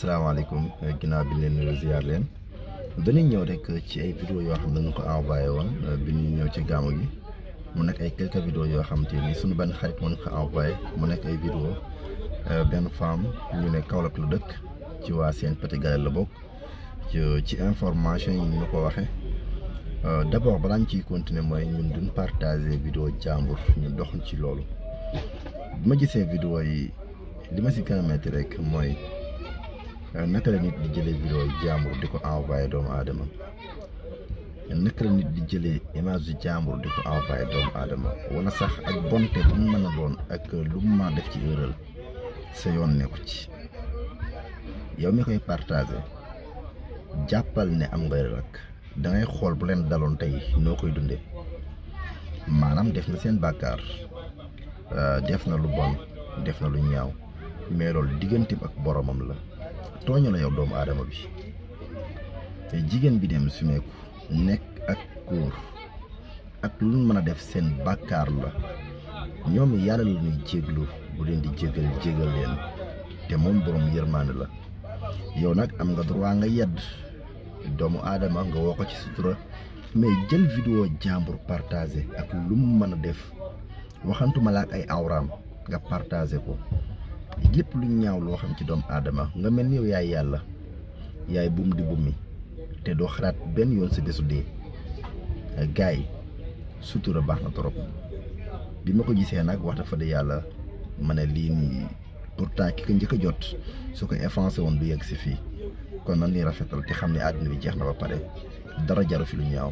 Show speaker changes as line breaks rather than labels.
asalaamaaleykum eh, ginnaaw bi leen nuyu ziar leen dañuy ñëw rekk eh, ci ay vidéo yoo xam ne dañu ko envoyé woon eh, bi ñuy ñëw ci gàmmu gi mu nekk ay quelques vidéo yoo xam te ni suñu benn xarit moo ñu ko envoyé mu nekk ay vidéo benn femme ñu ne Kaolack la dëkk ci waa seen Petit Galle la bokk ci information yi ñu ko waxee d'abord balaa ciy continuer mooy ñun duñ partager vidéo jàmbur ñu dox ci loolu bi ma gisee vidéo yi li ma si gën rek mooy. Euh, naka la nit di jëlee vidéo jaambur di ko envoyé doomu aadama naka la nit di jëlee image yu di ko envoyé doomu aadama wala sax ak bonte bu mu mën a doon ak lu mu mën def ci erreur sa yoon nekku ci yow mi koy partagé jàppal ne am nga rek da ngay xool bu leen daloon tey noo koy dunde maanaam def na seen bàkkaar euh, def na lu bon def na lu ñaaw mais loolu digganteem ak boromam la. tooñu la yow doomu aadama bi te jigéen bi dem sumeeku nekk ak góor ak lu mën a def seen bàkkaar la ñoom yàlla la ñuy jéglu bu leen di jégal jégal leen te moom borom yërmaande la yow nag am nga droit nga yedd doomu aadama nga woo ko ci sutura mais jël vidéo jàmbur partagé ak lu mu mën a def waxantuma la ak ay awraam nga partagé ko lépp lu ñaaw loo xam ci doomu aadama nga mel ni yow yaay yàlla yaay buum di mi te doo xalaat benn yoon sa desu dee gars yi sutura baax na trop bi ma ko gisee nag wax dafa de yàlla ma ne lii nii pourtant ki ko njëkk jot su ko effacé woon du yegg si fii kon nan ni rafetal te xam ne àddina bi jeex na ba pare dara jaru fi lu ñaaw